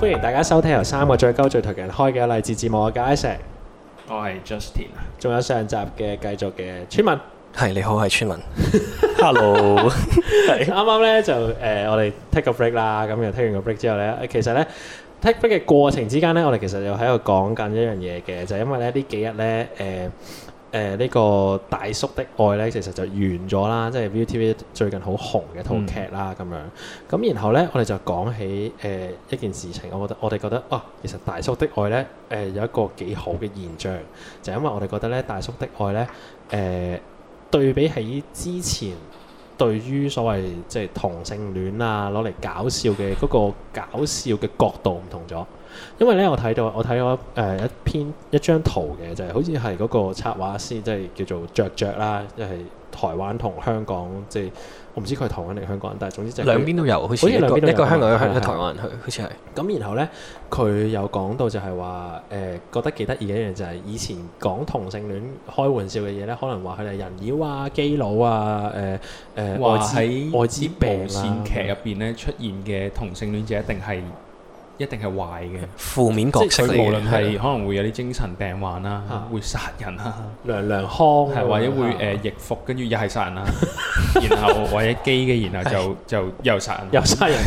歡迎大家收聽由三個最高最台嘅人開嘅勵志節目《解石》，我係 Justin，仲有上集嘅繼續嘅村民，係你好，係村民，Hello，係啱啱咧就誒我哋 take a break 啦，咁又 take 完個 break 之後咧，其實咧 take break 嘅過程之間咧，我哋其實又喺度講緊一樣嘢嘅，就因為咧呢幾日咧誒。誒呢、呃這個大叔的愛咧，其實就完咗啦，即係 ViuTV 最近好紅嘅套劇啦，咁、嗯、樣。咁然後咧，我哋就講起誒、呃、一件事情，我覺得我哋覺得哦，其實大叔的愛咧，誒、呃、有一個幾好嘅現象，就係、因為我哋覺得咧，大叔的愛咧，誒、呃、對比起之前對於所謂即係同性戀啊攞嚟搞笑嘅嗰、那個搞笑嘅角度唔同咗。因為咧，我睇到我睇咗誒一篇一張圖嘅，就係、是、好似係嗰個插畫師，即、就、係、是、叫做雀雀啦，即、就、係、是、台灣同香港，即、就、係、是、我唔知佢係台灣定香港人，但係總之就兩邊都有，好似一個香港人、有一個台灣人去，好似係。咁然後咧，佢有講到就係話誒，覺得幾得意嘅一樣就係、是、以前講同性戀開玩笑嘅嘢咧，可能話佢哋人妖啊、基佬啊、誒、呃、誒，呃、話喺外資無線劇入邊咧出現嘅同性戀者一定係。嗯一定係壞嘅負面角色嚟嘅，即係佢無論係可能會有啲精神病患啦、啊，嗯、會殺人啊，娘娘腔，係、啊、或者會誒、嗯呃、易服，跟住又係殺人啦、啊， 然後或者基嘅，然後就 就又殺人，又殺人啊！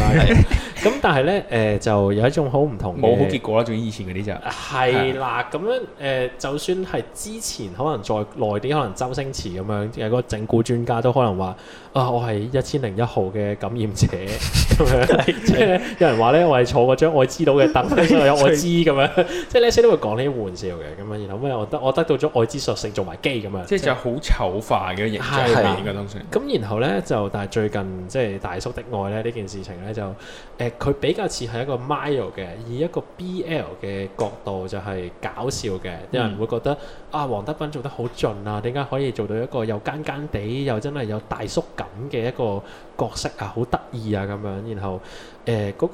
咁但係咧，誒、呃、就有一種好唔同嘅冇好結果啦，仲以以前嗰啲就係啦。咁樣誒，就算係之前可能再耐啲，可能周星馳咁樣有個整蠱專家都可能話：啊、哦，我係一千零一號嘅感染者咁樣。即係有人話咧，我係坐過張愛滋佬嘅凳，有愛滋咁樣。即係咧，先都會講呢啲玩笑嘅咁樣。然後我得我得到咗愛滋，索性做埋基咁樣。即係就好醜化嘅形象嚟咁，然後咧就，但係最近，最近即係大叔的愛咧呢件事情咧就誒。欸欸佢比較似係一個 mile 嘅，以一個 BL 嘅角度就係搞笑嘅，有人會覺得啊，黃德斌做得好盡啊，點解可以做到一個又奸奸地又真係有大叔感嘅一個角色啊，好得意啊咁樣，然後誒嗰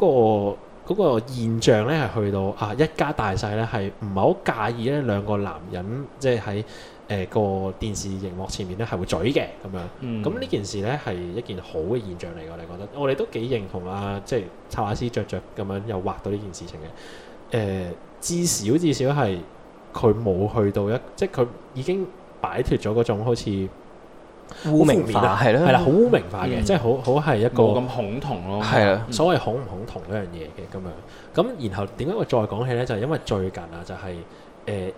個嗰個現象咧係去到啊一家大細咧係唔係好介意咧兩個男人即係喺。就是誒個、嗯、電視熒幕前面咧係會嘴嘅咁樣，咁呢件事咧係一件好嘅現象嚟我哋覺得？我哋都幾認同啊，即係插畫師着着咁樣又畫到呢件事情嘅。誒、呃、至少至少係佢冇去到一，即係佢已經擺脫咗嗰種好似污名化係咯，係啦，好吧污名化嘅，即係好好係一個咁恐同咯，係啊，所謂恐唔恐同嗰樣嘢嘅咁樣。咁然後點解我再講起咧？就係、是、因為最近啊、就是嗯，就係、是、誒。嗯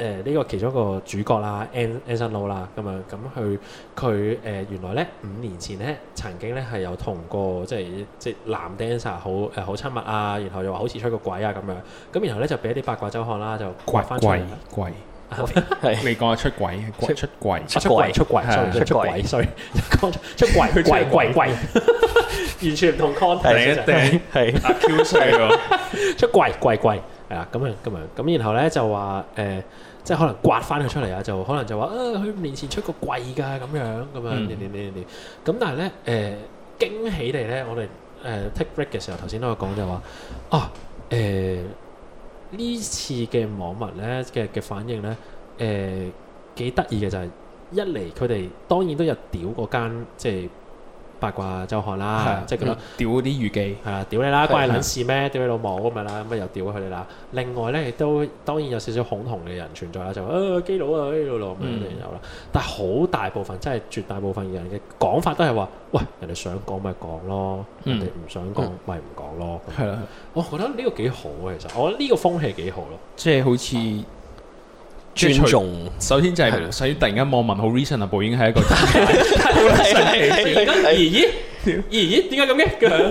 誒呢個其中一個主角啦，Anson Lo 啦，咁樣咁佢佢誒原來咧五年前咧曾經咧係有同個即係即係男 Dancer 好誒好親密啊，然後又話好似出過軌啊咁樣，咁然後咧就俾一啲八卦周刊啦就怪翻出嚟，未係你講出軌出軌出軌出軌出軌 sorry 出軌，出軌，出軌，出軌，完全唔同 content 係阿 Q 衰咗出軌，軌軌係啦，咁樣咁樣咁然後咧就話誒。即係可能刮翻佢出嚟啊，就可能就話啊，佢面前出個櫃㗎咁樣咁樣點點點點，咁、嗯、但係咧誒，驚喜地咧！我哋誒、呃、take break 嘅時候頭先都有講就話啊誒，呢、呃、次嘅網民咧嘅嘅反應咧誒幾得意嘅就係、是、一嚟佢哋當然都有屌嗰間即係。八卦周刊啦，即係咁樣屌啲、嗯、預計，係啦，屌你啦，關你撚事咩？屌的你老母咁咪啦，咁咪又屌佢哋啦。另外咧，亦都當然有少少恐同嘅人存在啦，就、哎、基佬啊呢度咯咁樣有啦。嗯、但係好大部分，真係絕大部分嘅人嘅講法都係話，喂，人哋想講咪講咯，人哋唔想講咪唔講咯。係 啦、嗯，我覺得呢個幾好啊，其實我覺得呢個風氣幾、啊、好咯，即係好似。尊重，首先就係，所以突然間網民好 reasonable 已經係一個 對。咦咦咦咦，點解咁嘅？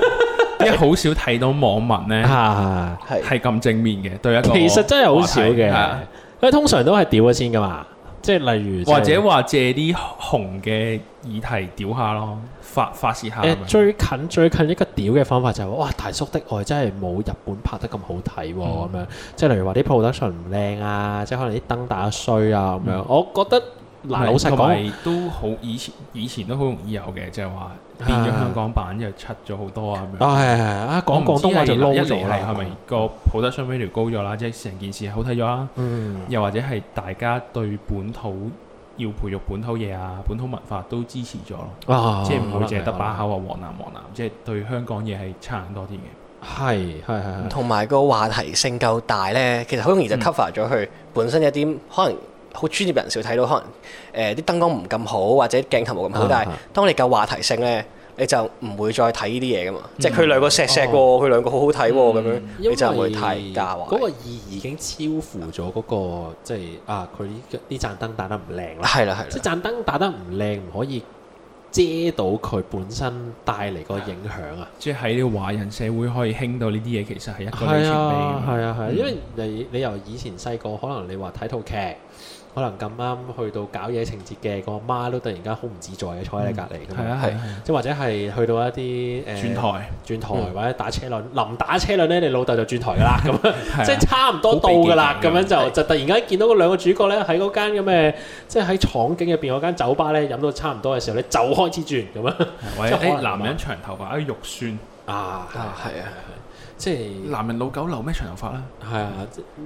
因為、欸、好、欸欸、少睇到網民咧，係係咁正面嘅對一個。其實真係好少嘅，是啊、因為通常都係屌咗先噶嘛。即係例如、就是，或者話借啲紅嘅議題屌下咯，發發泄下。欸、是是最近最近一個屌嘅方法就係、是，哇，大叔的愛真係冇日本拍得咁好睇喎咁樣。即係例如話啲 production 唔靚啊，即係可能啲燈打得衰啊咁、嗯、樣。我覺得。老實講，都好以前以前都好容易有嘅，就係、是、話變咗香港版又出咗好多啊！啊係啊，講廣東話就撈咗嚟係咪個抱得相對條高咗啦？即係成件事好睇咗啦。又或者係大家對本土要培育本土嘢啊、本土文化都支持咗咯。即係唔會淨係得把口話黃南黃南，即係、就是、對香港嘢係差很多啲嘅。係係係，同埋個話題性夠大咧，其實好容易就 cover 咗佢本身一啲可能。好專業人士睇到，可能誒啲、呃、燈光唔咁好，或者鏡頭冇咁好。啊、但係當你夠話題性咧，你就唔會再睇呢啲嘢噶嘛。即係佢兩個錫錫喎，佢、嗯、兩個好好睇喎，咁樣、嗯、你就唔會睇。嗰個意義已經超乎咗嗰、那個，嗯、即係啊，佢呢呢盞燈打得唔靚啦。係啦係啦，即係盞燈打得唔靚，唔可以遮到佢本身帶嚟個影響啊。的即係喺華人社會可以興到呢啲嘢，其實係一個里程碑。係啊係啊，因為你你由以前細個，可能你話睇套劇。可能咁啱去到搞嘢情節嘅個阿媽都突然間好唔自在嘅，坐喺你隔離。係啊係，即或者係去到一啲誒轉台轉台或者打車輪，臨打車輪咧，你老豆就轉台㗎啦。咁即係差唔多到㗎啦，咁樣就就突然間見到嗰兩個主角咧，喺嗰間咁嘅，即係喺廠景入邊嗰間酒吧咧，飲到差唔多嘅時候咧，就開始轉咁啊。或者男人長頭髮，肉酸啊！係啊，即係男人老狗留咩長頭髮啦？係啊，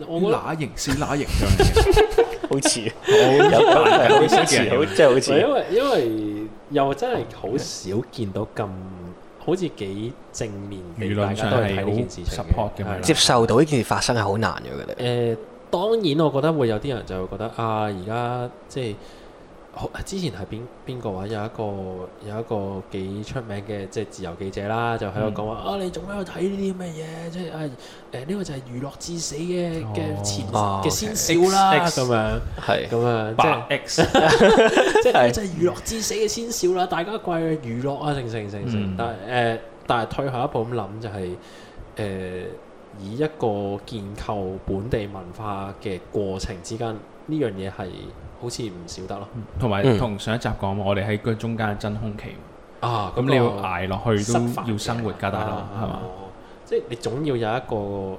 我乸型先，乸型？好似， 有好似，真係好似。因為因為又真係好少見到咁，好似幾正面。輿論都係睇呢件事情 support 嘅，接受到呢件事發生係好難嘅，佢哋，得。誒，當然我覺得會有啲人就會覺得啊，而家即係。之前係邊邊個話有一個有一個幾出名嘅即係自由記者啦，就喺度講話啊，你仲喺度睇呢啲咁嘅嘢？即係啊誒呢個就係娛樂至死嘅嘅前嘅先兆啦，咁樣係咁樣即係即係娛樂至死嘅先兆啦。大家怪娛樂啊，成成成成，但係誒，但係退後一步咁諗就係誒，以一個建構本地文化嘅過程之間，呢樣嘢係。好似唔少得咯，同埋同上一集講，嗯、我哋喺個中間真空期啊，咁你要捱落去都要生活噶，得咯、啊，係嘛吧、哦？即係你總要有一個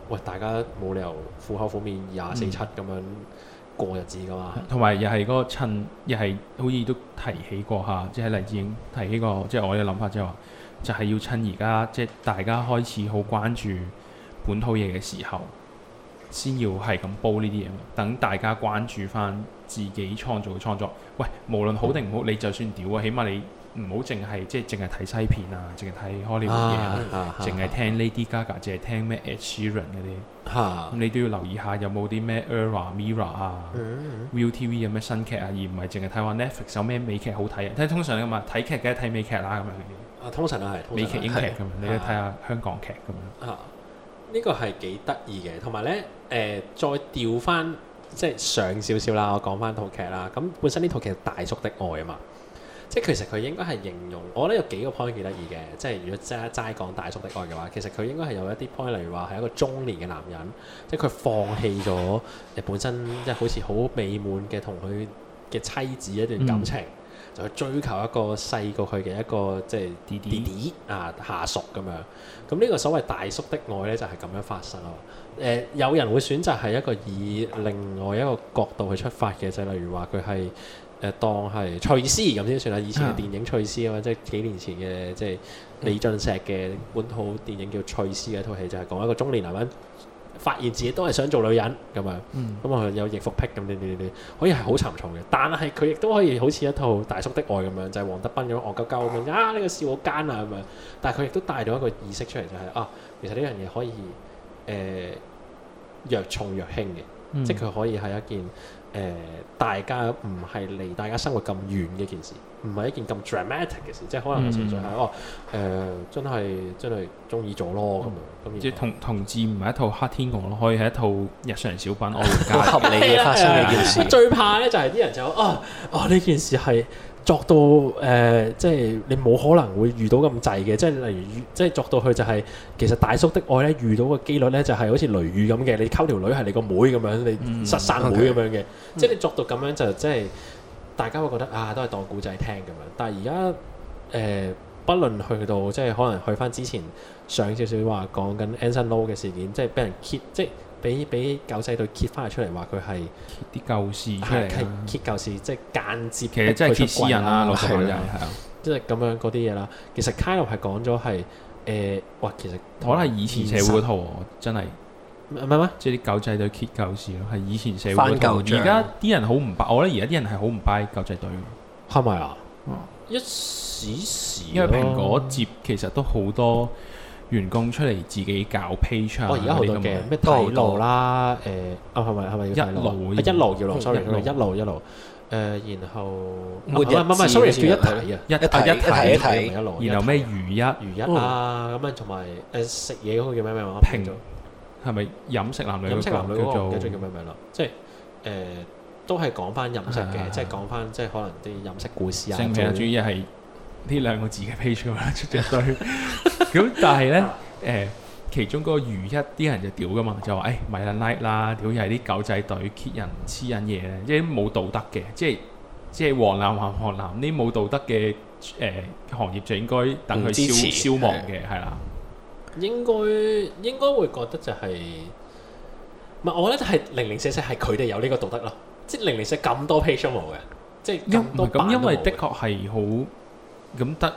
喂、呃，大家冇理由苦口苦面廿四七咁樣過日子噶嘛。同埋又係嗰個趁，又係好似都提起過下，即係黎智英提起過，即係我嘅諗法、就是，即係話就係要趁而家即係大家開始好關注本土嘢嘅時候，先要係咁煲呢啲嘢。等大家關注翻。自己創造嘅創作，喂，無論好定唔好，你就算屌啊，起碼你唔好淨係即係淨係睇西片啊，淨係睇 Hollywood 啊，淨係聽 Lady Gaga，淨係聽咩 Ed Sheeran 嗰啲，咁你都要留意下有冇啲咩 Era、Mirror 啊，ViuTV 有咩新劇啊，而唔係淨係睇話 Netflix 有咩美劇好睇，啊。即係通常咁啊，睇劇梗係睇美劇啦咁樣嗰啲。啊，通常都係，美劇英劇咁樣，你去睇下香港劇咁樣。啊，呢個係幾得意嘅，同埋咧，誒，再調翻。即係上少少啦，我講翻套劇啦。咁本身呢套劇《大叔的愛》啊嘛，即係其實佢應該係形容我覺得有幾個 point 幾得意嘅。即係如果齋齋講《大叔的愛》嘅話，其實佢應該係有一啲 point，例如話係一個中年嘅男人，即係佢放棄咗本身即係好似好美滿嘅同佢嘅妻子一段感情，嗯、就去追求一個細過佢嘅一個即係弟弟、弟弟、啊下屬咁樣。咁呢個所謂大叔的愛呢，就係、是、咁樣發生。誒有人會選擇係一個以另外一個角度去出發嘅，就係例如話佢係誒當係翠絲咁先算啦。以前嘅電影翠絲啊，即係幾年前嘅，即係李駿碩嘅本土電影叫《翠絲》嘅一套戲，就係講一個中年男人發現自己都係想做女人咁樣，咁啊有易服癖咁啲啲啲，可以係好沉重嘅，但係佢亦都可以好似一套大叔的愛咁樣，就係黃德斌咁戇鳩鳩咁啊呢個笑好奸啊咁樣，但係佢亦都帶咗一個意識出嚟，就係啊其實呢樣嘢可以誒。越重越輕嘅，即係佢可以係一件誒，大家唔係離大家生活咁遠嘅一件事，唔係一件咁 dramatic 嘅事，即係可能嘅情緒係哦，誒真係真係中意咗咯咁樣。即係同同志唔係一套黑天鵝咯，可以係一套日常小品，我合理嘅發生呢件事。最怕咧就係啲人就哦哦呢件事係。作到誒、呃，即係你冇可能會遇到咁滯嘅，即係例如，即係作到去就係、是、其實大叔的愛咧，遇到嘅機率咧就係、是、好似雷雨咁嘅，你溝條女係你個妹咁樣，你失散妹咁樣嘅，嗯嗯嗯、即係你作到咁樣就即係大家會覺得啊，都係當古仔聽咁樣。但係而家誒，不論去到即係可能去翻之前上少少話講緊 Anson Lo 嘅事件，即係俾人揭即。俾俾狗仔隊揭翻佢出嚟，話佢係啲舊事出嚟，揭舊事即係間接。其實真係揭私隱啊，老實講，係啊，即係咁樣嗰啲嘢啦。其實 Kyle 係講咗係誒，哇！其實可能係以前社會嗰套，真係咩咩，即係啲狗仔隊揭舊事咯，係以前社會。翻舊事，而家啲人好唔拜，我覺得而家啲人係好唔拜狗仔隊。係咪啊？一時時，因為蘋果接其實都好多。員工出嚟自己搞 page 啊！我而家好多嘅咩睇路啦，誒啊，係咪係咪要一路？一路叫路，sorry，佢咪一路一路。誒，然後唔係唔係，sorry，叫一睇啊！一睇一睇一睇一睇，然後咩魚一魚一啊，咁樣同埋誒食嘢嗰個叫咩名啊？平，係咪飲食男女？飲食男女我唔記得咗叫咩名啦，即係誒都係講返飲食嘅，即係講返即係可能啲飲食故事啊。平啊，注意係。呢兩個字嘅 page 出咗堆，咁但係咧誒，其中嗰個餘一啲人就屌噶嘛，就話誒咪啦 like 啦，屌又係啲狗仔隊揭人黐人嘢咧，即係冇道德嘅，即係即係王林還王林，呢冇道德嘅誒行業就應該等佢消消亡嘅，係啦。應該應該會覺得就係，唔係我覺得，就係零零舍舍，係佢哋有呢個道德咯，即係零零舍咁多 page 冇嘅，即係咁因為的確係好。咁得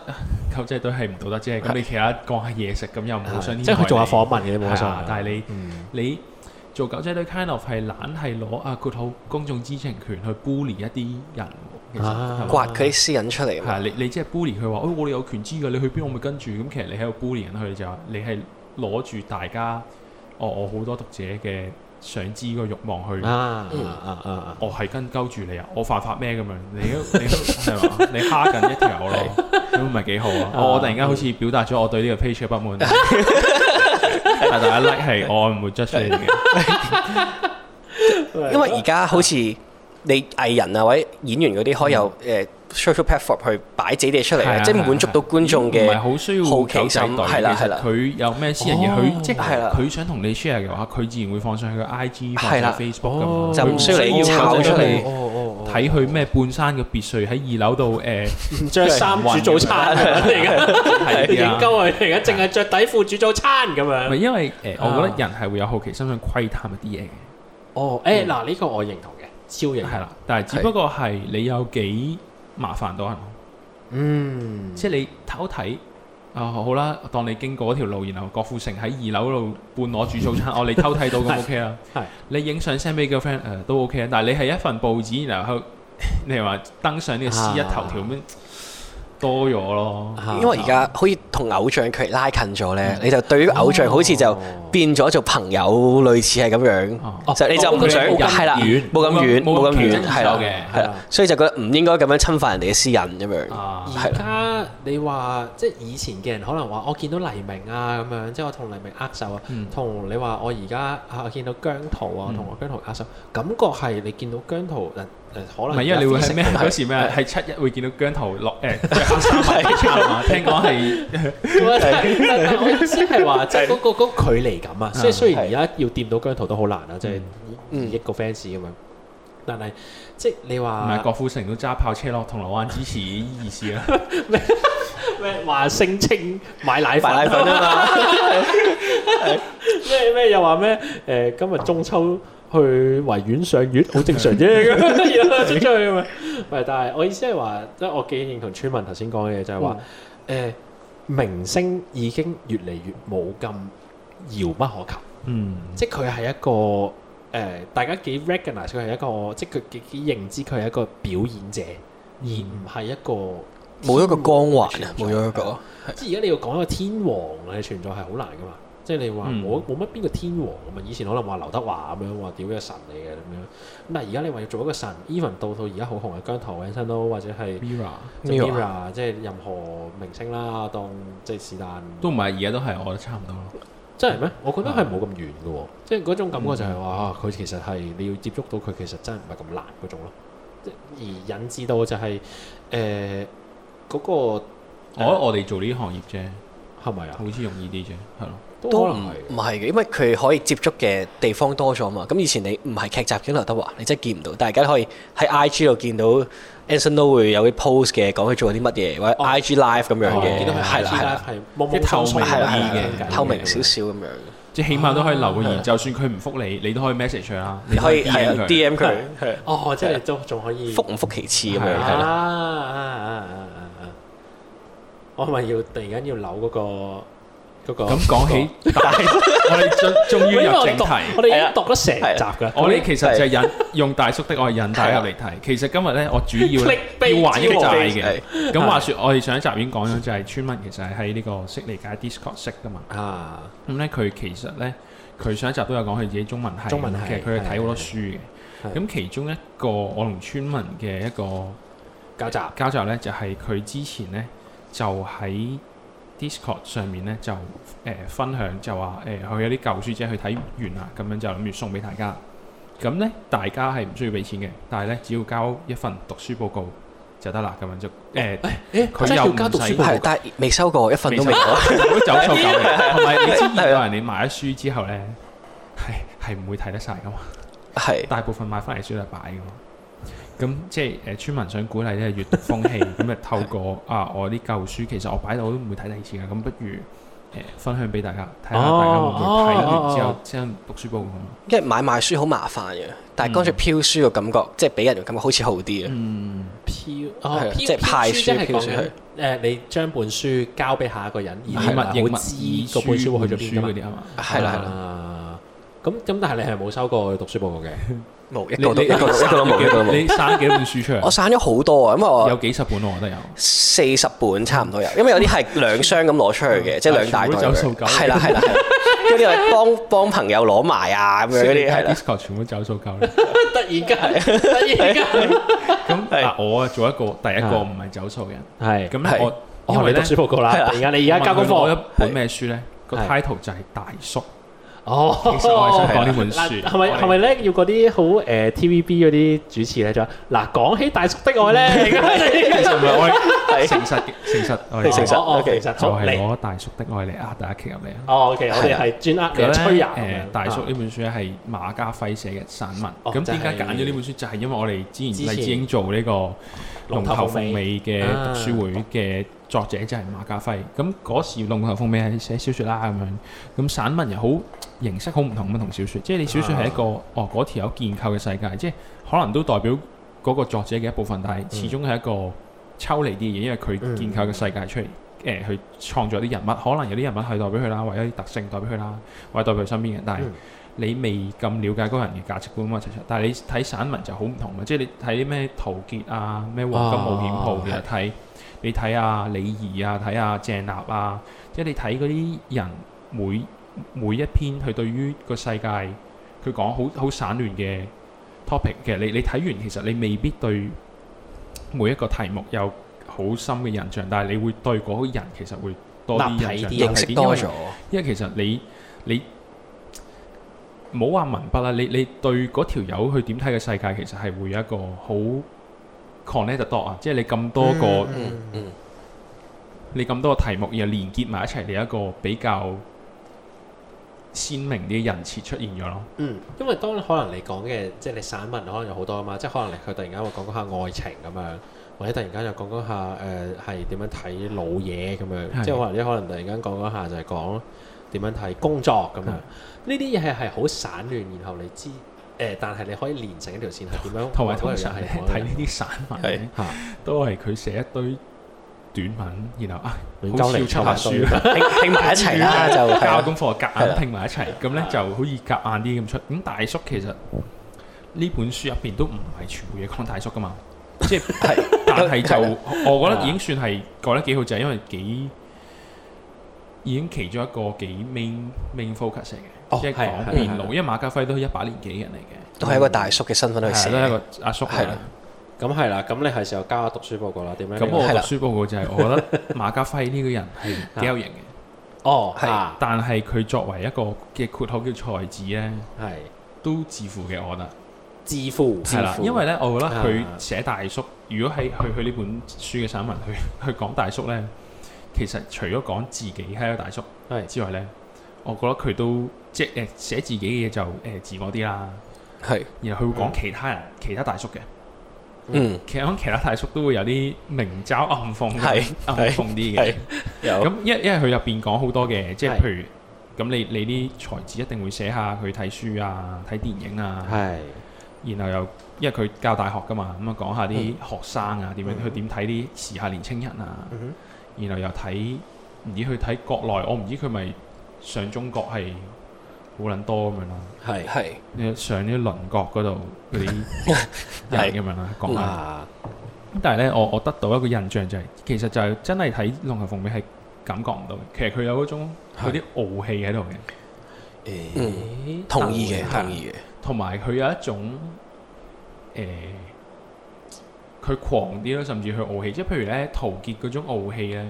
狗仔隊係唔道德啫，咁的你其他講下嘢食咁又唔好想。即係佢做下訪問嘅冇錯，的但係你、嗯、你做狗仔隊 kind of 係懶係攞啊嗰套公眾知情權去 bully 一啲人，其實係嘛，挖啲私隱出嚟。係你你即係 bully 佢話，哦我哋有權知㗎，你去邊我咪跟住，咁其實你喺度 bully 人去就，你係攞住大家，哦我好多讀者嘅。想知個欲望去、嗯、啊啊啊我係、哦、跟鳩住你啊！我犯法咩咁樣？你你係嘛？你蝦緊一條路，咁咪幾好啊、哦？我突然間好似表達咗我對呢個 page 嘅不滿，啊嗯、 但係第一 like 係我唔會 judge 嘅，的 因為而家好似你藝人啊或者演員嗰啲，可以有誒。platform 去擺自己嘢出嚟，即係滿足到觀眾嘅唔係好需要好奇心。係啦，係啦，佢有咩私人嘢，佢即係佢想同你 share 嘅話，佢自然會放上去個 IG、Facebook 咁樣。就唔需要你炒出嚟睇佢咩半山嘅別墅喺二樓度誒着衫煮早餐而家，㗎，影鳩佢而家淨係着底褲煮早餐咁樣。咪因為誒，我覺得人係會有好奇心想窺探一啲嘢嘅。哦，誒嗱，呢個我認同嘅，超認同係啦。但係只不過係你有幾？麻煩到係，嗯，即係你偷睇啊、哦，好啦，當你經過嗰條路，然後郭富城喺二樓度半裸煮早餐，我、 哦、你偷睇到咁 OK 啊，係， 是你影相 send 俾個 friend 誒都 OK 啊，但係你係一份報紙，然後 你話登上呢個 C 一頭條咩？啊嗯多咗咯，因為而家好似同偶像距離拉近咗呢。你就對於偶像好似就變咗做朋友，類似係咁樣，就你就唔想係啦，冇咁遠，冇咁遠，係啦，所以就覺得唔應該咁樣侵犯人哋嘅私隱咁樣。而家你話即係以前嘅人可能話我見到黎明啊咁樣，即係我同黎明握手啊，同你話我而家啊見到姜濤啊，同我姜濤握手，感覺係你見到姜濤。唔係因為你會係咩？有時咩？係七日會見到姜濤落即誒黑衫，聽講係點啊？即係話即係嗰個距離感啊！即係雖然而家要掂到姜濤都好難啊！即係二億個 fans 咁樣，但係即係你話唔係郭富城都揸跑車落銅鑼灣支持意思啊？咩話聲稱買奶粉買奶粉啊嘛？咩咩又話咩誒？今日中秋。去維園上月好正常啫，咁而家整出去咁啊！唔係，但係我意思係話，即係我幾認同村民頭先講嘅嘢，就係話，誒明星已經越嚟越冇咁遙不可及。嗯，即係佢係一個誒、欸，大家幾 recognize 佢係一個，即係佢幾幾認知佢係一個表演者，嗯、而唔係一個冇一個光環啊，冇咗一個。嗯、即係而家你要講一個天王嘅存在係好難噶嘛。即係你話冇冇乜邊個天王咁嘛？嗯、以前可能話劉德華咁樣話屌嘅神嚟嘅咁樣，咁但係而家你話要做一個神，even 到到而家好紅嘅姜濤 Anson 都或者係 Mirror、Mirror，即係任何明星啦，當即、係是但都唔係而家都係，我覺得差唔多咯。真係咩？我覺得係冇咁遠嘅喎，即係嗰種感覺就係話佢其實係你要接觸到佢，其實真係唔係咁難嗰種咯。而引致到就係誒嗰個，呃、我我哋做呢啲行業啫，係咪啊？好似容易啲啫，係咯。都唔唔係嘅，因為佢可以接觸嘅地方多咗嘛。咁以前你唔係劇集見劉德華，你真係見唔到。但大家可以喺 IG 度見到 Anson 都會有啲 post 嘅，講佢做咗啲乜嘢，或者 IG live 咁樣嘅，係啦，係冇冇透明嘅，透明少少咁樣。即係起碼都可以留個言，就算佢唔覆你，你都可以 message 佢啦。你可以係啊，DM 佢。係哦，即係都仲可以覆唔覆其次咁樣啊啊啊啊啊啊！我係咪要突然間要留嗰個。咁講起，大，我哋終終於入正題。我哋已經讀咗成集噶。我哋其實就引用大叔的愛人帶入嚟睇。其實今日咧，我主要要還一個債嘅。咁話説，我哋上一集已經講咗，就係村民其實係喺呢個悉尼搞 Discord 識噶嘛。啊，咁咧佢其實咧，佢上一集都有講佢自己中文系，中文系，其實嘅，佢係睇好多書嘅。咁其中一個我同村民嘅一個交集，交集咧就係佢之前咧就喺 Discord 上面咧就誒、呃、分享，就話誒佢有啲舊書者去睇完啊，咁樣就諗住送俾大家。咁咧大家係唔需要俾錢嘅，但係咧只要交一份讀書報告就得啦。咁樣就誒，佢、呃哦欸、又唔係係，但係未收過一份都未過，唔好、啊、走數狗。同埋 你知唔知道人哋買咗書之後咧，係係唔會睇得晒噶嘛？係對 大部分買翻嚟書都係擺㗎嘛。咁即係誒村民想鼓勵咧，係閱讀風氣。咁啊透過啊我啲舊書，其實我擺到我都唔會睇第二次嘅。咁不如誒分享俾大家，睇下大家會唔會睇？之後先讀書報告。因為買賣書好麻煩嘅，但係乾脆飄書嘅感覺，即係俾人嘅感覺好似好啲嘅。嗯，飄，即係派書即係講誒，你將本書交俾下一個人，而唔知個本書會去咗邊啲係嘛？係啦係啦。咁咁，但係你係冇收過讀書報告嘅？冇，一個都，一個都冇，你散幾多本書出嚟？我散咗好多啊，因為有幾十本，我覺得有四十本差唔多有，因為有啲係兩箱咁攞出去嘅，即係兩大袋。係啦係啦，因為幫幫朋友攞埋啊，咁樣嗰啲。全部走數夠啦！突然間係，突然間咁。嗱，我做一個第一個唔係走數嘅人，係。咁咧，我因為你讀書報告啦，而家你而家交功課嗰一本咩書咧？個 title 就係大叔。哦，其實我係想講呢本書，係咪係咪咧？要嗰啲好誒 TVB 嗰啲主持咧？就嗱，講起大叔的愛咧，其實唔係愛，係誠實嘅，誠實哦，哦，誠實就係我大叔的愛嚟啊！大家企入嚟啊！哦，其實我哋係專呃嘅，吹大叔呢本書咧，係馬家輝寫嘅散文，咁點解揀咗呢本書？就係因為我哋之前黎智英做呢個龍頭鳳尾嘅讀書會嘅。作者就係馬家輝，咁嗰時龍頭封面係寫小說啦咁樣，咁散文又好形式好唔同咁同小說，即係你小說係一個、啊、哦嗰條有建構嘅世界，即係可能都代表嗰個作者嘅一部分，但係始終係一個抽離啲嘢，因為佢建構嘅世界出嚟，誒、嗯呃、去創作啲人物，可能有啲人物係代表佢啦，或者有啲特性代表佢啦，或者代表佢身邊嘅，但係你未咁了解嗰個人嘅價值觀咁啊，其實，但係你睇散文就好唔同嘛，即係你睇咩陶傑啊，咩《黃金冒險、啊、其實睇。你睇下啊，李怡啊，睇下鄭立啊，即係你睇嗰啲人每每一篇，佢對於個世界佢講好好散亂嘅 topic，嘅你你睇完，其實你未必對每一個題目有好深嘅印象，但係你會對嗰個人其實會多啲印象認識多咗。因為其實你你冇話文筆啦，你你，你對嗰條友去點睇嘅世界，其實係會有一個好。connect 得多啊，即係你咁多個，你咁多個題目又連結埋一齊，你一個比較鮮明啲人設出現咗咯。嗯，因為當可能你講嘅，即係你散文可能有好多啊嘛，即係可能你佢突然間會講講下愛情咁樣，或者突然間又講講下誒係點樣睇老嘢咁樣，即係可能你可能突然間講講下就係講點樣睇工作咁樣，呢啲嘢係係好散亂，然後你知。誒，但係你可以連成一條線，係點樣？同埋通常係睇呢啲散文，都係佢寫一堆短文，然後啊，出下書，拼埋一齊啦，就交功課，夾硬拼埋一齊，咁咧就好似夾硬啲咁出。咁大叔其實呢本書入邊都唔係全部嘢講大叔噶嘛，即係，但係就我覺得已經算係講得幾好，就係因為幾已經其中一個幾 main main focus 成嘅。即係講年老，因為馬家輝都一把年紀人嚟嘅，都係一個大叔嘅身份去寫一個阿叔係啦，咁係啦，咁你係時候交下讀書報告啦，點樣？咁我讀書報告就係，我覺得馬家輝呢個人係幾有型嘅，哦，係，但係佢作為一個嘅括號叫才子咧，係都自負嘅，我覺得自負係啦，因為咧，我覺得佢寫大叔，如果喺去去呢本書嘅散文，去去講大叔咧，其實除咗講自己係一個大叔係之外咧。我覺得佢都即係誒、呃、寫自己嘅嘢就誒、呃、自我啲啦，係是。然後佢會講其他人、其他大叔嘅，嗯，其實講其他大叔都會有啲明嘲暗諷，係是暗諷啲嘅。咁，因為因為佢入邊講好多嘅，即係譬如：是「咁你你啲才智一定會寫下去睇書啊、睇電影啊，係是。然後又因為佢教大學噶嘛，咁啊講一下啲學生啊點樣，去點睇啲時下年輕人啊，嗯、然後又睇唔知去睇國內，我唔知佢咪。上中國係好撚多咁樣咯，係係，你上啲鄰國嗰度嗰啲人咁樣啦，講下。咁但係咧，我我得到一個印象就係，其實就係真係喺龍行鳳尾係感覺唔到嘅。其實佢有嗰種有啲傲氣喺度嘅。誒，同意嘅，同意嘅。同埋佢有一種誒，佢狂啲咯，甚至佢傲氣。即係譬如咧，陶傑嗰種傲氣咧。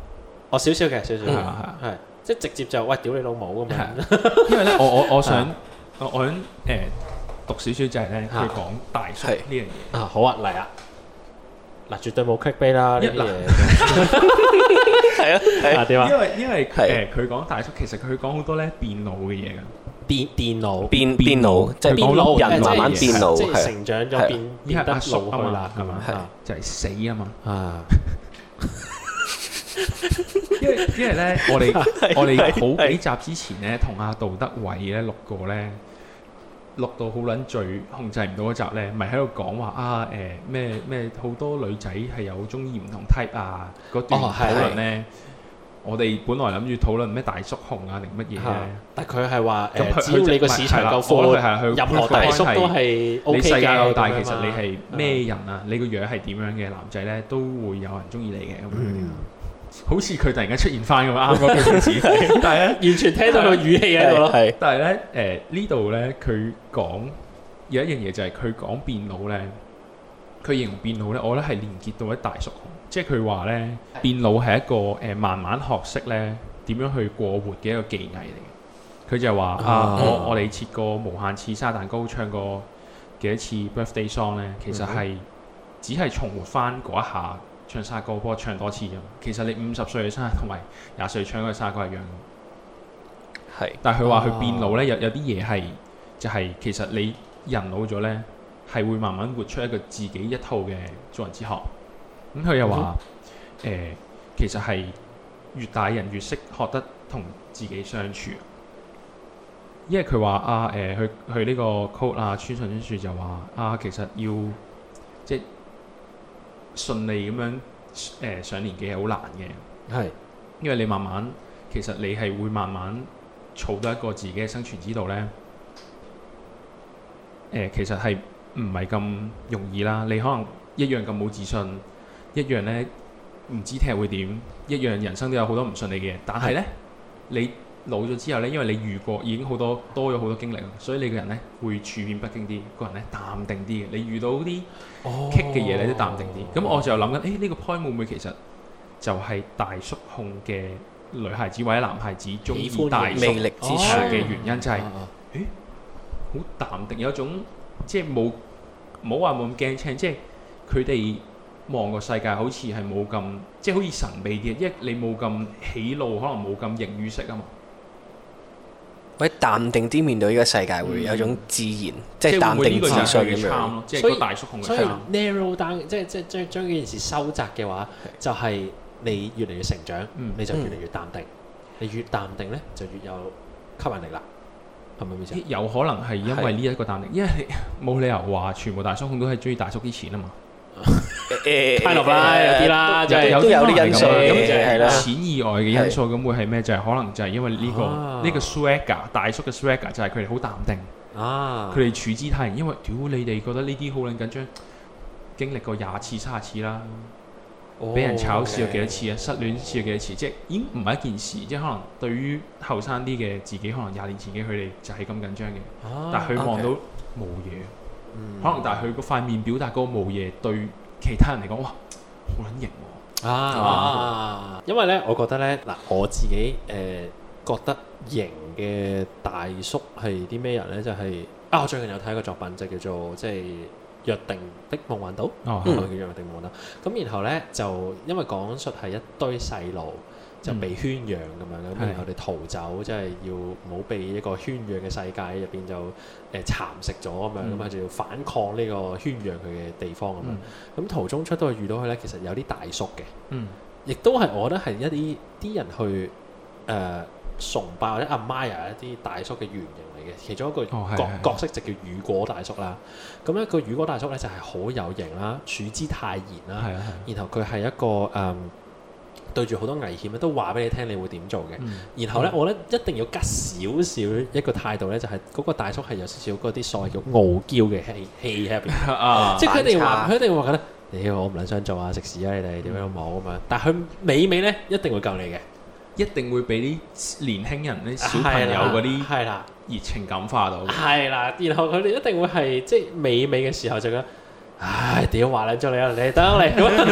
哦少少嘅少少嘅，係即係直接就喂屌你老母咁樣。因為咧，我我我想我我想誒讀少少就係咧，佢講大叔呢樣嘢。啊好啊，嚟啊！嗱，絕對冇 kick 杯啦呢啲嘢。係啊，點啊？因為因為誒佢講大叔，其實佢講好多咧變老嘅嘢噶。變老，變老，即係變老人慢慢變老，即係成長咗變變得老啊嘛，係嘛？就係死啊嘛。啊！因為因為咧，我哋我哋好幾集之前咧，同阿杜德偉咧錄過咧，錄到好撚醉，控制唔到嗰集咧，咪喺度講話啊誒咩咩好多女仔係有中意唔同 type 啊嗰段討論咧，我哋本來諗住討論咩大叔控啊定乜嘢咧，但佢係話誒，只要你個市場夠闊，係去任何大叔都係你世界夠大，其實你係咩人啊？你個樣係點樣嘅男仔咧，都會有人中意你嘅，咁樣。好似佢突然間出現翻咁樣啱嗰個，但係咧完全聽到個語氣喺度咯。但係咧，誒、呃、呢度咧佢講有一樣嘢就係佢講變老咧，佢形容變老咧，我覺得係連結到一大叔，即係佢話咧變老係一個誒、呃、慢慢學識咧點樣去過活嘅一個技藝嚟嘅。佢就話啊，啊啊啊啊我我哋切過無限次沙蛋糕，唱過幾多次 Birthday Song 咧，其實係、嗯、只係重活翻嗰一下。唱沙歌，波，唱多次啫。其實你五十歲嘅生日同埋廿歲唱嗰個沙歌一樣。係是，但係佢話佢變老咧、oh.，有有啲嘢係就係、是、其實你人老咗咧，係會慢慢活出一個自己一套嘅做人之學。咁、嗯、佢又話：誒、mm hmm. 呃，其實係越大人越識學得同自己相處。因為佢話啊，誒、呃，佢佢呢個 quote 啊，村上春樹就話啊，其實要即順利咁樣誒上年紀係好難嘅，係是因為你慢慢其實你係會慢慢儲到一個自己嘅生存之道咧。誒、呃，其實係唔係咁容易啦？你可能一樣咁冇自信，一樣咧唔知聽日會點，一樣人生都有好多唔順利嘅嘢，但係咧是你。老咗之後呢，因為你遇過已經好多多咗好多經歷啦，所以你個人呢會處變不驚啲，個人呢淡定啲嘅。你遇到啲棘嘅嘢呢都淡定啲。咁我就諗緊，誒呢個 point 會唔會其實就係大叔控嘅女孩子或者男孩子中意大叔魅力之處嘅原因，就係好淡定，有一種即係冇冇話冇咁驚青，即係佢哋望個世界好似係冇咁即係好似神秘啲，因為你冇咁喜怒，可能冇咁形於色啊嘛。喂，淡定啲面對呢個世界會有種自然，即係淡定自信咁樣。所以所以 narrow down，即係即係即係將件事收窄嘅話，就係你越嚟越成長，你就越嚟越淡定。你越淡定咧，就越有吸引力啦，係咪咁？有可能係因為呢一個淡定，因為冇理由話全部大叔控都係中意大叔啲錢啊嘛。誒，睇落啦，有啲啦，即係有啲人咁樣，係啦。錢以外嘅因素，咁會係咩？就係可能就係因為呢個呢個 swagger，大叔嘅 swagger 就係佢哋好淡定。啊，佢哋處之泰然，因為屌你哋覺得呢啲好撚緊張，經歷過廿次、卅次啦，俾人炒試又幾多次啊，失戀一次又幾多次，即係已經唔係一件事。即係可能對於後生啲嘅自己，可能廿年前嘅佢哋就係咁緊張嘅，但係佢望到冇嘢。嗯、可能但係佢嗰塊面表達嗰個冇嘢，對其他人嚟講，哇，好撚型啊！因為呢，我覺得呢，嗱，我自己誒、呃、覺得型嘅大叔係啲咩人呢？就係啊，我最近有睇一個作品，就、啊、叫做《即係約定的夢幻島》。哦，叫《約定的夢幻島》。咁、哦嗯、然後呢，就因為講述係一堆細路。就被圈養咁樣啦，然後佢逃走，即係要冇被一個圈養嘅世界入邊就誒蠶食咗咁樣，咁啊就要反抗呢個圈養佢嘅地方咁樣。咁途中出到去遇到佢咧，其實有啲大叔嘅，亦都係我覺得係一啲啲人去誒崇拜或者 admire 一啲大叔嘅原型嚟嘅。其中一個角角色就叫雨果大叔啦。咁咧個雨果大叔咧就係好有型啦，處之泰然啦，然後佢係一個誒。對住好多危險咧，都話俾你聽，你會點做嘅？然後咧，我咧一定要加少少一個態度咧，就係嗰個大叔係有少少嗰啲所謂叫傲嬌嘅氣氣喺入邊，即係佢哋話，佢哋話覺得，你我唔捻想做啊，食屎啊！你哋點樣好咁樣？但係佢美美咧，一定會救你嘅，一定會俾啲年輕人、啲小朋友嗰啲，係啦，熱情感化到，係啦。然後佢哋一定會係即係美美嘅時候就覺得，唉，點話你咗你啊？你等你。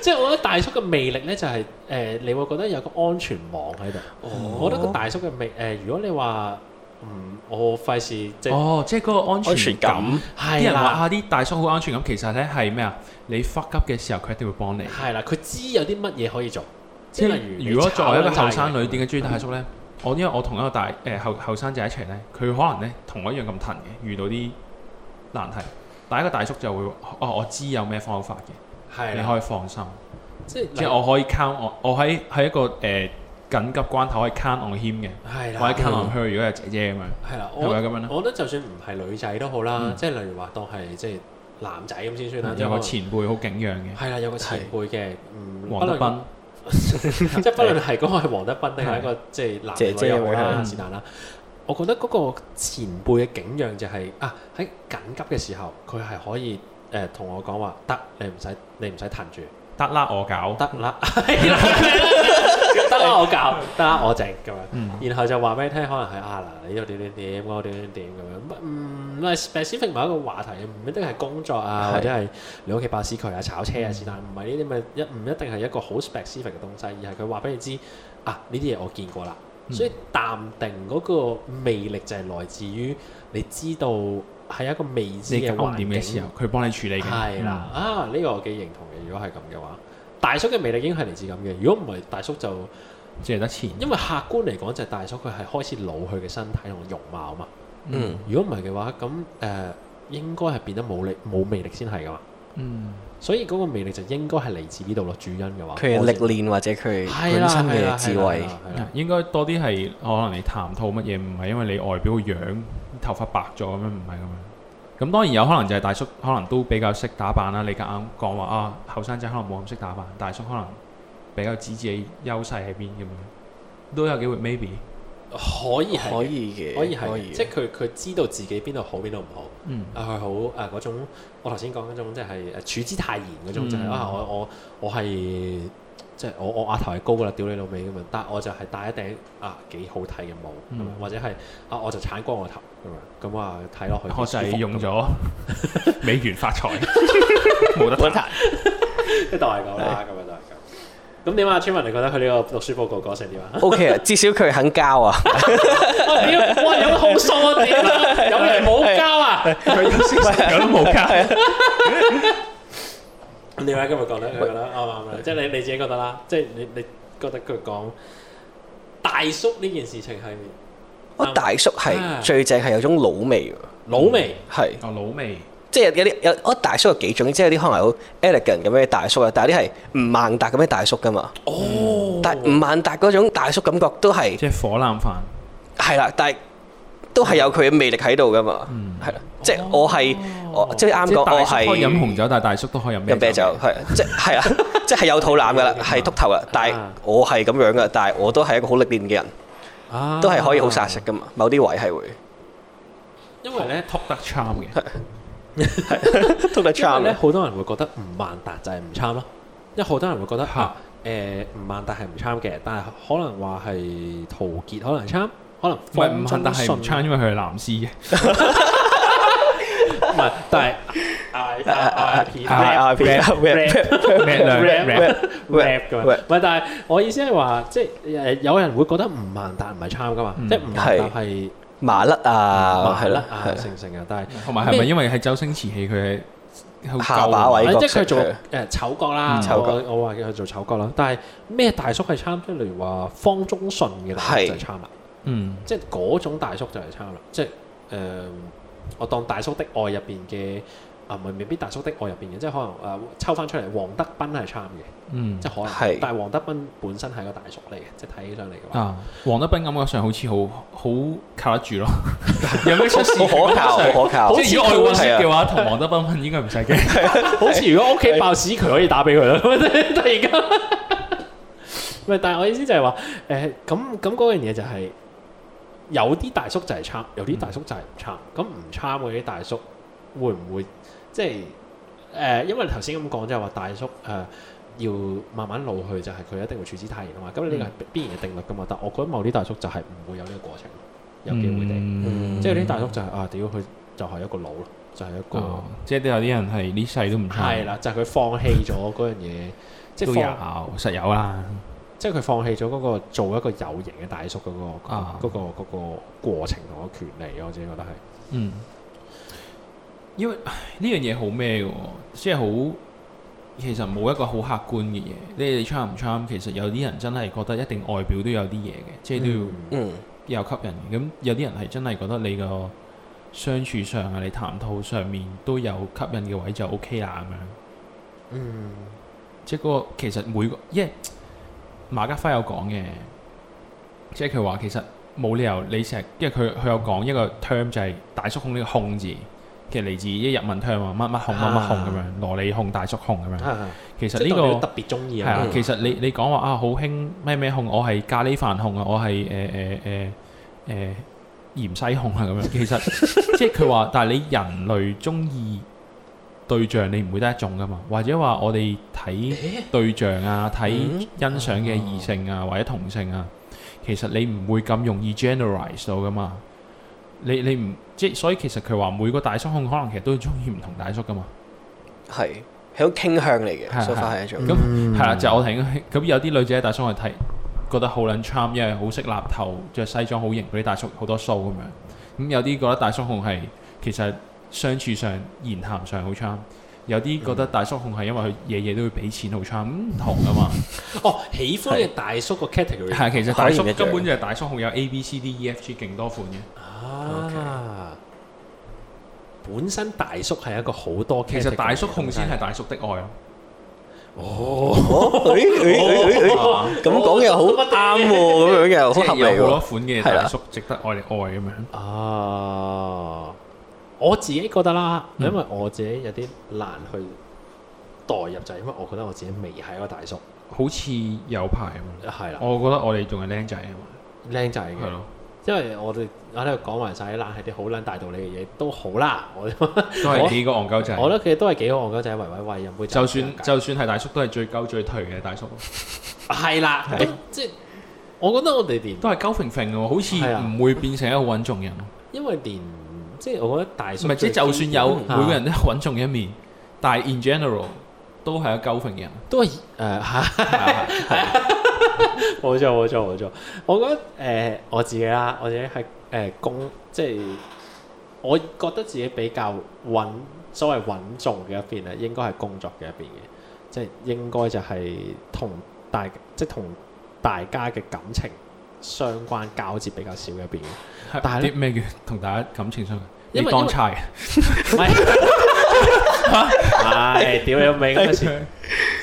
即係我覺得大叔嘅魅力呢、就係，就係誒，你會覺得有個安全網喺度。哦哦、我覺得個大叔嘅魅誒、呃，如果你話、嗯、我費事即係哦，嗰個安全感。啲的人話啊，啲大叔好安全感。其實呢係咩啊？你發急嘅時候，佢一定會幫你。係啦，佢知有啲乜嘢可以做。即係如果作為一個後生女，點解中意大叔呢？嗯、我因為我同一個大誒、呃、後後，後生仔一齊呢，佢可能呢，同我一樣咁騰嘅，遇到啲難題，但係一個大叔就會哦，哦，我知有咩方法嘅。你可以放心，即係我可以 count 我，我喺喺一個誒緊急關頭可以 count on him 嘅，或者 count on her，如果係姐姐咁樣，係啦，咁樣咧？我覺得就算唔係女仔都好啦，即係例如話當係即係男仔咁先算啦。有個前輩好景仰嘅，係啦，有個前輩嘅，嗯，黃德斌，即係不論係講係黃德斌定係一個即係男嘅女嘅啦，是但啦。我覺得嗰個前輩嘅景仰就係啊喺緊急嘅時候，佢係可以。誒同、呃、我講話得，你唔使你唔使彈住，得啦我搞，得啦， 得啦我搞，得啦我整咁樣，嗯、然後就話俾你聽，可能係啊嗱，你度點點點，我度點點點咁樣，唔唔係 specific 唔係某一個話題，唔一定係工作啊，或者係你屋企巴士渠啊、炒車啊是但唔係呢啲咪一唔一定係一個好 specific 嘅東西，而係佢話俾你知啊呢啲嘢我見過啦，所以淡定嗰個魅力就係來自於你知道。係一個未知嘅環境嘅時候，佢幫你處理嘅。係啦，啊呢個我幾認同嘅。如果係咁嘅話，大叔嘅魅力應該係嚟自咁嘅。如果唔係，大叔就借得錢。因為客觀嚟講，就係大叔佢係開始老，佢嘅身體同容貌嘛。嗯。如果唔係嘅話，咁誒應該係變得冇力、冇魅力先係噶嘛。嗯。所以嗰個魅力就應該係嚟自呢度咯，主因嘅話。佢嘅歷練或者佢本身嘅智慧，應該多啲係可能你談吐乜嘢，唔係因為你外表個樣。頭髮白咗咁樣唔係咁樣，咁當然有可能就係大叔，可能都比較識打扮啦。你夾硬講話啊，後生仔可能冇咁識打扮，大叔可能比較知自己優勢喺邊咁樣，都有機會 maybe 可以可以嘅，可以係即係佢佢知道自己邊度好邊度唔好，好嗯啊佢好啊嗰種，我頭先講嗰種即係誒處之泰然嗰種、嗯、就係、是、啊我我我係。即係我我額頭係高噶啦，屌你老味。咁樣，但我就係戴一頂啊幾好睇嘅帽，嗯嗯，或者係啊我就鏟光個頭咁樣，咁啊睇落去我就係用咗美元發財，冇得揼柴，即係本台 代價啦咁樣代價。咁咁點啊村民，你覺得佢呢個讀書報告講成點啊？O K 啊，okay，至少佢肯交啊、 哎呀。我、哎、屌，我 有好數啊！屌， 有冇交啊？佢有先有都冇交。哎你話今日講得佢啦，啱啱是、哦、即係你你自己覺得啦，即係你你覺得佢講大叔呢件事情係？我大叔係、啊、最正，係有種老味喎。老味係、嗯、哦，老味，即係有啲我、e、大叔有幾種，即係有啲可能好 elegant 咁嘅大叔啦，但係啲係吳孟達咁嘅大叔噶嘛。哦，但係吳孟達嗰種大叔感覺都係即係火腩飯，係啦，但係。都係有佢嘅魅力喺度噶嘛，係啦，即係我係，我即係啱講，我係飲紅酒，但係大叔都可以飲啤酒，係，即係啊，即係有肚腩噶啦，係禿頭噶，但係我係咁樣噶，但係我都係一個好歷練嘅人，都係可以好殺食噶嘛，某啲位係會，因為咧禿得差嘅，係禿得差。因為咧好多人會覺得吳萬達就係唔差咯，因為好多人會覺得吓，誒吳萬達係唔差嘅，但係可能話係陶傑可能差。」可能唔係唔撐，但係唔撐，因為佢係藍絲嘅。唔係，但係 rap rap rap rap rap rap 咁樣。唔係，但係我意思係話，即係誒有人會覺得吳孟達唔係撐噶嘛？即係吳孟達係麻甩啊，係咯，成成啊。但係同埋係咪因為係周星馳戲佢係下把位？即係佢做誒丑角啦，丑角。我話佢係做丑角啦。但係咩大叔係撐？即係例如話方中信嘅就係撐啦。嗯，即係嗰種大叔就係差啦，即係誒，我當大叔的愛入邊嘅啊，唔係未必大叔的愛入邊嘅，即係可能誒抽翻出嚟，黃德斌係差嘅，嗯，即係可能，係，但係黃德斌本身係個大叔嚟嘅，即係睇起上嚟嘅話，啊，黃德斌感覺上好似好好靠得住咯，有咩出事好可靠，好可靠，好似外觀嘅話，同黃德斌應該唔使驚，好似如果屋企爆屎，佢可以打俾佢咯，但係而家，但係我意思就係話誒，咁咁嗰樣嘢就係。有啲大叔就係差，有啲大叔就係唔差。咁唔、嗯、差，嗰啲大叔會唔會即係誒、呃？因為你頭先咁講即係話大叔誒、呃、要慢慢老去，就係佢一定會處之泰然啊嘛。咁呢個係必然嘅定律噶嘛。但我覺得某啲大叔就係唔會有呢個過程，有機會嘅、嗯嗯。即係啲大叔就係、是嗯、啊屌佢就係一個老咯，就係、是、一、哦就是就是、個。即係 有都有啲人係呢世都唔差。係啦、啊，就係佢放棄咗嗰樣嘢，即係實有啦。即係佢放棄咗嗰、嗰個做一個有型嘅大叔嗰、嗰個啊嗰過程同埋權利，我自己覺得係嗯，因為呢樣嘢好咩嘅，即係好其實冇一個好客觀嘅嘢，你你 charm 唔 charm 其實有啲人真係覺得一定外表都有啲嘢嘅，即係都要有吸引。咁、嗯嗯、有啲人係真係覺得你個相處上啊、你談吐上面都有吸引嘅位就 O K 啦咁樣。嗯，即係嗰、嗰個其實每個因為。Yeah, 馬家輝有講嘅，即係佢話其實冇理由你成日，因為佢佢有講一個 term 就係大叔控呢個控字，其實嚟自一啲日文 term 啊，乜乜控乜乜控咁樣，蘿莉控、大叔控咁樣。其實呢、呢個、啊、特別中意係啊。其實你你講話啊，好興咩咩控，我係咖喱飯控啊，我係誒誒誒誒芫茜控啊咁樣。其實 即係佢話，但係你人類中意。對象你唔會得一種噶嘛，或者話我哋睇對象啊，睇咦欣賞嘅異性啊，嗯、或者同性啊，其實你唔會咁容易 generalise 到噶嘛。你你唔即係所以其實佢話每個大叔控可能其實都中意唔同大叔噶嘛。係係好傾向嚟嘅 s 咁係啦，就我睇。咁有啲女仔喺大叔度睇覺得好撚 charm，因為好識立頭，着西裝好型嗰啲大叔好多鬚咁樣。咁有啲覺得大叔控係其實。相處上、言談上，好差。有啲覺得大叔控係因為佢夜夜都會俾錢，好差。唔、嗯、同啊嘛。哦，喜歡嘅大叔個 category 其實大叔根本就係大叔控，有 A、B、C、D、E、F、G，勁多款嘅。啊，okay、本身大叔係一個好多其實大叔控先係大叔的愛咯。哦，咁講又好啱喎，咁、哦哦哦、樣嘅好合理。哦啊、合理有好多款嘅大叔值得愛嚟愛咁樣。啊。我自己覺得啦，因為我自己有啲難去代入，就係因為我覺得我自己未係一個大叔，好似有排咁。係啦。我覺得我哋仲係靚仔啊嘛，靚仔嘅，因為我哋喺度講埋晒啲爛係啲好爛大道理嘅嘢都好啦，我都係幾個戇鳩仔。我覺得佢都係幾個戇鳩仔，唯唯喂，又唔會就算就算係大叔都係最鳩最頹嘅大叔，係啦，即係我覺得我哋電都係鳩揈揈嘅，好似唔會變成一個穩重人。因為電。即係我覺得大，唔即就算有每個人都穩重嘅一面，啊、但係 in general 都係一個高分人，都係是誒，冇錯冇錯冇錯。錯錯 我覺得誒、呃、我自己啦，我自己係誒工，即係我覺得自己比較穩，所謂穩重嘅一邊咧，應該係工作嘅一邊嘅，即、就、係、是、應該就係同大即係同大家嘅感情，相關交接比較少入邊嘅，但係啲咩叫同大家感情相關？要當差嘅，唔係屌你咩事？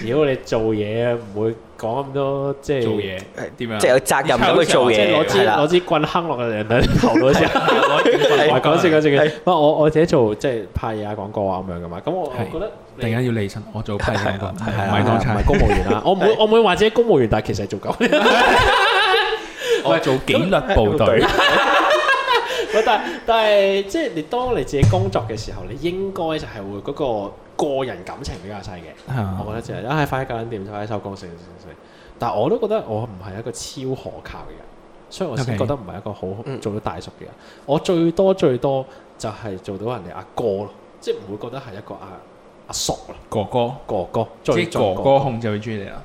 如果你做嘢啊，唔會講咁多，即係做嘢點啊？即係有責任咁去做嘢，即係攞支攞支棍坑落人哋頭度先。唔係講笑講笑嘅，不過我我自己做即係派下廣告啊咁樣嘅嘛。咁我覺得突然間要理身，我做派廣告，係啊，唔係當差，唔係公務員啦。我唔會我唔會話自己公務員，但係其實係做咁。我係做紀律部隊 但，但係但係即係你當你自己工作嘅時候，你應該就係會嗰個個人感情比較細嘅。啊、我覺得就係啊，快啲搞掂，快啲收工，成成成。但係我都覺得我唔係一個超可靠嘅人，所以我先覺得唔係一個好 Okay. 做到大叔嘅人。我最多最多就係做到人哋阿哥咯，即係唔會覺得係一個阿阿叔哥哥哥哥，哥哥哥哥即哥哥控制佢注意啊。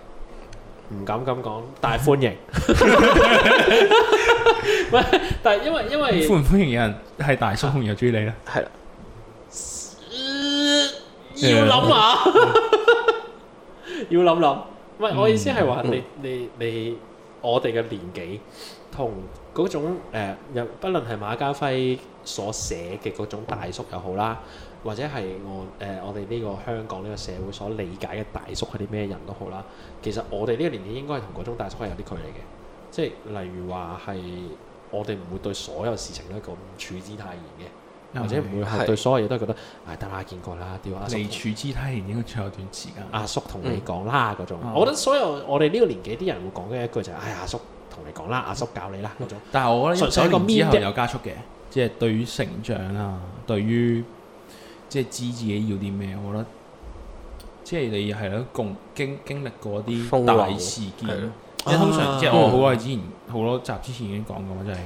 唔敢咁講，但係歡迎。唔係，但係因為因為歡唔歡迎有人係大叔，同樣中意你咧，係啦。要諗下，要諗諗。唔係我意思係話你你你，我哋嘅年紀同嗰種誒，又不能係馬家輝所寫嘅嗰種大叔又好啦。或者係我誒、呃，我哋呢個香港呢個社會所理解嘅大叔係啲咩人都好啦。其實我哋呢個年紀應該係同嗰種大叔係有啲距離嘅。即係例如話係，我哋唔會對所有事情都咁處之泰然嘅，因為 或者唔會係對所有嘢都係覺得唉是、哎，得啦，見過啦。你處之泰然應該仲有段時間。阿叔同你講啦嗰、嗯、種，哦、我覺得所有我哋呢個年紀啲人會講嘅一句就係、是：，哎阿叔同你講啦，阿叔教你啦嗰、嗯、種但係我覺得，隨著年紀之後有加速嘅，即係對於成長啊，對於即係知自己要啲咩，我覺得即係你係咯，共經經歷過啲大事件，即、嗯、通常、oh、即係我好耐之前好多集之前已經講過，就係、是、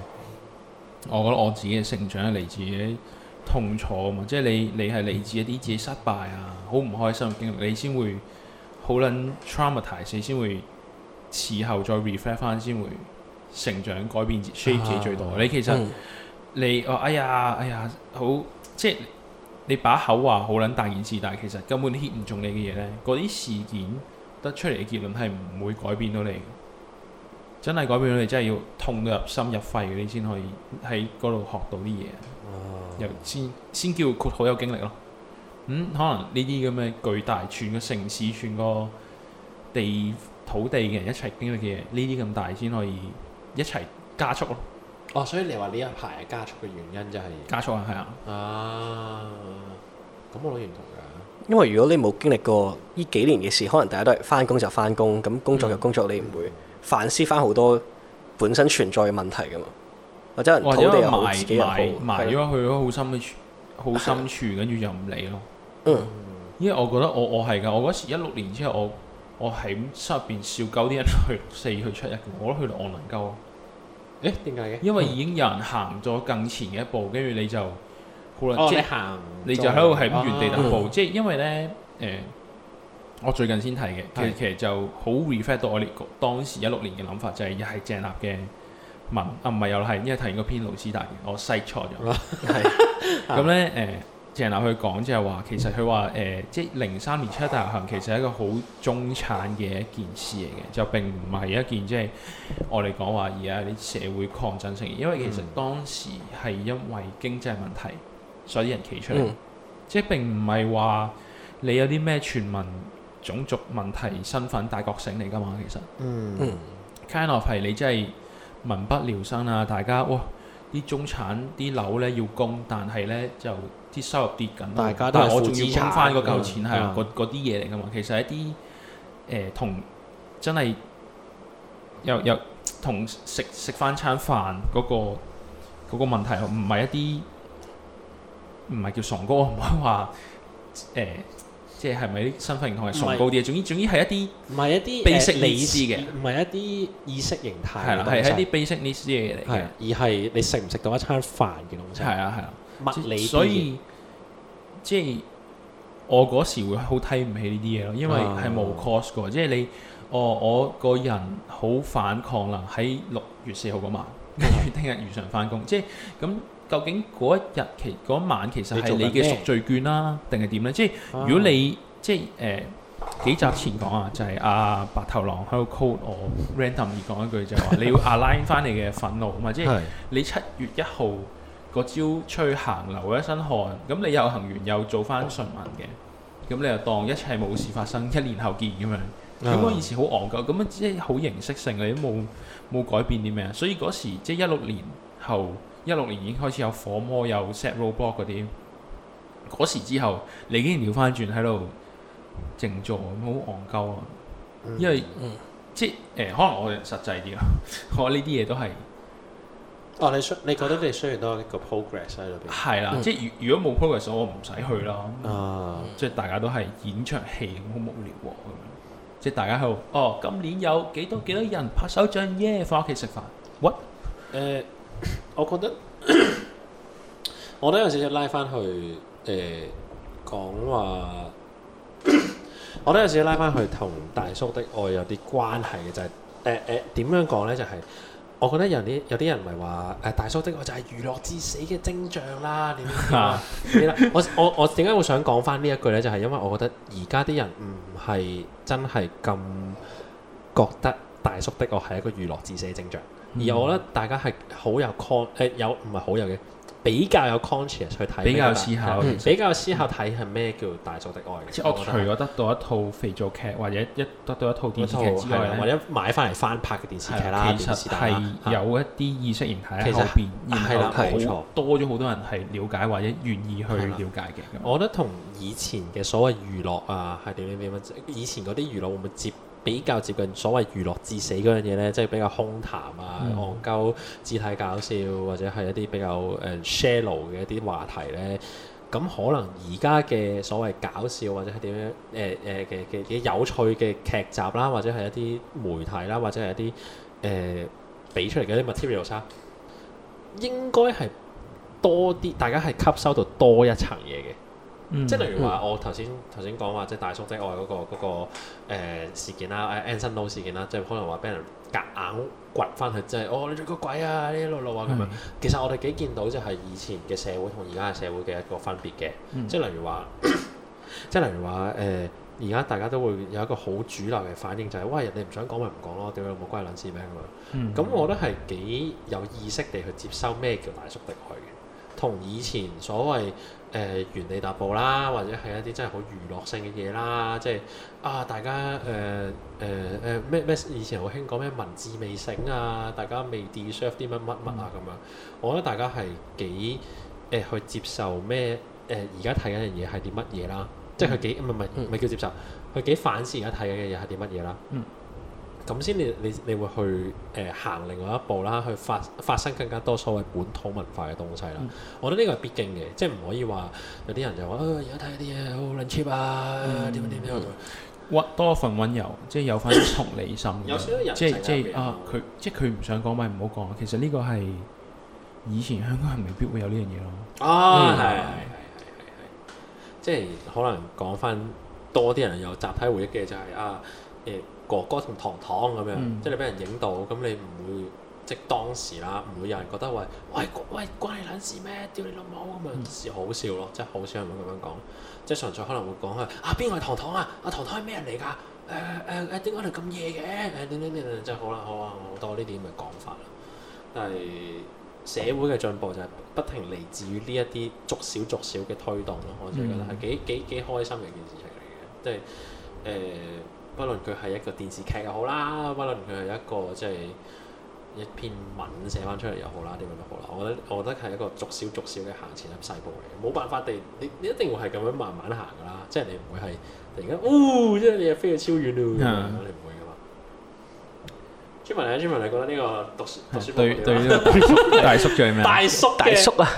我覺得我自己嘅成長係嚟自啲痛楚啊嘛，即係你你係嚟自一啲自己失敗啊，好唔開心嘅經歷，你先會好撚 traumatise，你先會事後再 reflect 翻先會成長改變 shape 自己最多。Oh、你其實、uh. 嗯、你哦，哎呀，哎呀，好即係。你把口話好撚大件事，但係其實根本 hit 唔中你嘅嘢。呢嗰啲事件得出嚟嘅結論係唔會改變，改變到你。真係改變到你，真係要痛到入心入肺，你先可以喺嗰度學到啲嘢。先先叫佢好有經歷咯。嗯、可能呢啲咁嘅巨大，全個城市全個地土地嘅人一齊經歷嘅嘢，呢啲咁大先可以一齊加速咯。哦，所以你話呢一排加速嘅原因就係加速啊，係啊，啊，咁我都認同㗎。因為如果你冇經歷過呢幾年嘅事，可能大家都係返工就返工，咁、嗯、工作就工作，你唔會反思返好多本身存在嘅問題㗎嘛。或者土地埋埋埋咗去咗好深嘅好深處，跟住 就唔理咯。嗯、因為我覺得我我係㗎，我嗰時一六年之後我，我室1，我係咁入邊笑鳩啲人去四去七一我覺得去到我能夠。誒，點解嘅？為因為已經有人行咗更前嘅一步，跟住你就可能、哦、即係行，你，你就喺度係咁原地踏步。啊嗯、即係因為咧，誒、呃，我最近先睇嘅，其實其實就好 reflect 到我哋當時一六年嘅諗法，就係、是、又係鄭立嘅文啊，唔係又係，因為睇完嗰篇盧斯達，我細錯咗，係咁咧，誒、嗯。陳立去講就係話，其實佢話誒，即係零三年一七大遊行，其實係一個好中產嘅一件事嚟嘅，就並唔係一件即係我哋講話而家啲社會抗爭事件，因為其實當時係因為經濟問題，所以人企出嚟，嗯、即係並唔係話你有啲咩全民種族問題、身份大覺醒嚟㗎嘛。其實嗯 Kind of 係你真係民不聊生啊！大家哇，啲中產啲樓咧要供，但係咧就～啲收入跌緊，大家都係。但係我仲要充翻嗰嚿錢係嗰嗰啲嘢嚟㗎嘛。其實一啲誒同真係又又同食食翻餐飯嗰個嗰個問題，唔係一啲唔係叫崇高，唔好話誒，即係係咪啲身份認同係崇高啲？總之總之係一啲唔係一啲 basic 意識嘅，唔係一啲意識形態係啦，係一啲 basic 呢啲嘢嚟嘅，而係你食唔食到一餐飯嘅東西？係啊，係啊。物理，所以即係我嗰時會好睇唔起呢啲嘢咯，因為係冇 cost 嘅，即係你，我、哦、我個人好反抗啦。喺六月四號嗰晚，跟住聽日如常翻工， 即係咁究竟嗰一日期嗰晚其實係你嘅贖罪券啦、啊，定係點咧？即係如果你即係誒、呃、幾集前講、就是、啊，就係阿白頭狼喺度 call 我 ，random 而講一句就話你要 align 翻你嘅憤怒啊嘛，即係你七月一號個朝出去行流一身汗，咁你有行完又做翻順民嘅，咁你又當一切冇事發生，一年後見咁樣，咁我以前好戇鳩，咁啊即係好形式性嘅，都冇冇改變啲咩啊，所以嗰時即係一六年後，一六年已經開始有火魔，有 set roadblock 嗰啲，嗰時之後你竟然調翻轉喺度靜坐，好戇鳩啊，因為、嗯、即係誒、呃，可能我實際啲咯， 我呢啲嘢都係。哦，你需你覺得你需要多一個 progress 喺度邊？啦、啊，嗯、即係如如果冇 progress，我唔使去啦。啊、嗯，即係大家都係演出戲好冇了喎咁樣。即、嗯、係、就是、大家好。哦，今年有幾多幾、嗯、多人拍手掌耶？返屋企食飯。喂，h、呃、我覺得我都有少少拉翻去誒講話，我都有少少拉翻去同、呃、大叔的愛有啲關係嘅，就係誒誒點樣講咧？就係、是。我覺得有啲有啲人唔係話誒大叔的我就係娛樂至死嘅徵象啦，點點 我我我點解會想講翻呢一句呢？就係、是、因為我覺得而家啲人唔係真係咁覺得大叔的我係一個娛樂至死嘅徵象，而我覺得大家係好有 con、呃、有唔係好有嘅。比較有 conscious 去睇，比較有思考，比較有思考睇係咩叫大叔的愛。我除咗得到一套肥皂劇，或者一得到一套電視劇之外，或者買翻嚟翻拍嘅電視劇啦，其實係有一啲意識形態喺後邊，係啦，冇錯，多咗好多人係了解或者願意去了解嘅。我覺得同以前嘅所謂娛樂啊，係點樣咩樣？以前嗰啲娛樂會唔會接？比較接近所謂娛樂至死嗰樣嘢咧，即係比較空談啊、戇鳩、嗯哼、姿態、嗯、搞笑，或者係一啲比較誒 shallow 嘅一啲話題咧。咁可能而家嘅所謂搞笑或者係點樣？誒誒嘅嘅嘅有趣嘅劇集啦，或者係一啲媒體啦，或者係一啲誒俾出嚟嘅一啲 material 差，應該係多啲，大家係吸收到多一層嘢嘅。嗯、即係例如話，我頭先頭先講話，即係大叔的愛嗰、那個嗰、那個呃、事件啦，誒、啊、Anson Lo 事件啦，即係可能話俾人夾硬掘翻去，即係哦，你做個鬼啊，呢一路路啊咁、嗯、樣。其實我哋幾見到即係以前嘅社會同而家嘅社會嘅一個分別嘅。嗯、即係例如話， 即係例如話，誒而家大家都會有一個好主流嘅反應，就係、是、喂人哋唔想講咪唔講咯，屌你老母關你卵事咩咁樣。咁、嗯嗯、我覺得係幾有意識地去接收咩叫大叔的愛嘅。同以前所謂誒、呃、原地踏步啦，或者係一啲真係好娛樂性嘅嘢啦，即係啊大家誒誒誒咩咩？以前好興講咩文字未醒啊，大家未 deserve 啲乜乜乜啊咁樣。嗯、我覺得大家係幾誒、呃、去接受咩誒？而家睇緊嘅嘢係啲乜嘢啦？即係佢幾唔係唔係叫接受？佢、嗯、幾反思而家睇緊嘅嘢係啲乜嘢啦？嗯。咁先你你你會去誒行另外一步啦，去發發生更加多所謂本土文化嘅東西啦。我覺得呢個係必經嘅，即係唔可以話有啲人就話誒而家睇啲嘢好撚 cheap 啊，點點點。多一份温柔，即係有翻啲同理心，即係即係啊，佢即係佢唔想講咪唔好講。其實呢個係以前香港人未必會有呢樣嘢咯。啊，係係係係即係可能講翻多啲人有集體回憶嘅就係啊誒。哥哥同糖糖咁樣，嗯、即係你俾人影到，咁你唔會即係當時啦，唔會有人覺得喂喂喂關你撚事咩？屌你老母咁樣，好笑咯，即係好少人會咁樣講，即係純粹可能會講啊邊個係糖糖啊？啊糖糖係咩人嚟㗎？誒誒誒點解你咁夜嘅？誒點點點即就好啦好啊好，好多呢啲咁嘅講法啦。但係社會嘅進步就係不停嚟自於呢一啲逐少逐少嘅推動咯。嗯、我就覺得係幾、嗯、幾幾，幾開心嘅件事情嚟嘅，即係誒。呃嗯不論佢係一個電視劇又好啦，不論佢係一個即係一篇文寫翻出嚟，又好啦，點樣都好啦。我覺得我覺得係一個逐少逐少嘅行前一細步嚟嘅，冇辦法地，你你一定會係咁樣慢慢行噶啦。即係你唔會係突然間，哦，即係你又飛去超遠啦，你唔會噶嘛。村民啊，村民你覺得呢個讀讀書對對大叔最係咩？ 大叔大叔，大叔啊，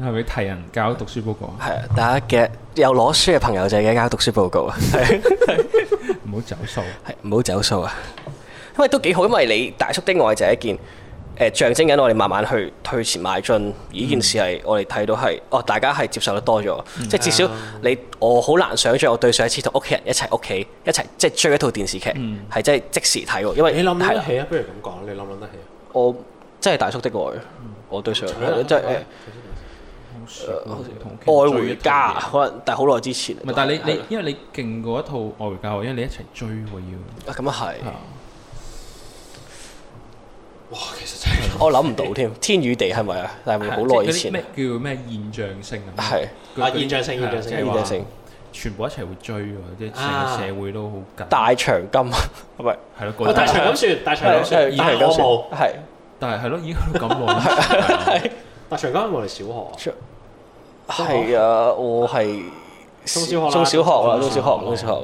係咪替人交讀書報告啊？係啊，大家嘅有攞書嘅朋友就係一交讀書報告啊。 唔好走數，係唔好走數啊！因為都幾好，因為你大叔的愛就係一件誒、呃、象徵緊我哋慢慢去推前邁進，呢、嗯、件事係我哋睇到係哦，大家係接受得多咗，嗯、即係至少你我好難想象我對上一次同屋企人一齊屋企一齊即係追一套電視劇係真係即時睇喎，因為你諗得起啊，的不如咁講，你諗諗得起、啊？我真係大叔的愛的，嗯、我對上真係。愛回家可能，但係好耐之前。唔係，但係你你，因為你勁過一套愛回家，因為你一齊追喎要。啊，咁啊係。哇，其實真係。我諗唔到添，天與地係咪啊？但係好耐以前。叫咩現象性啊？係現象性、現象性、現象性，全部一齊會追喎，即係成個社會都好緊。大長今啊，唔係係咯，大長今算大長今算，我冇係。但係係咯，依家都咁喎。大長今我哋小學。係啊，我係中小學啦，送小學，冇錯，好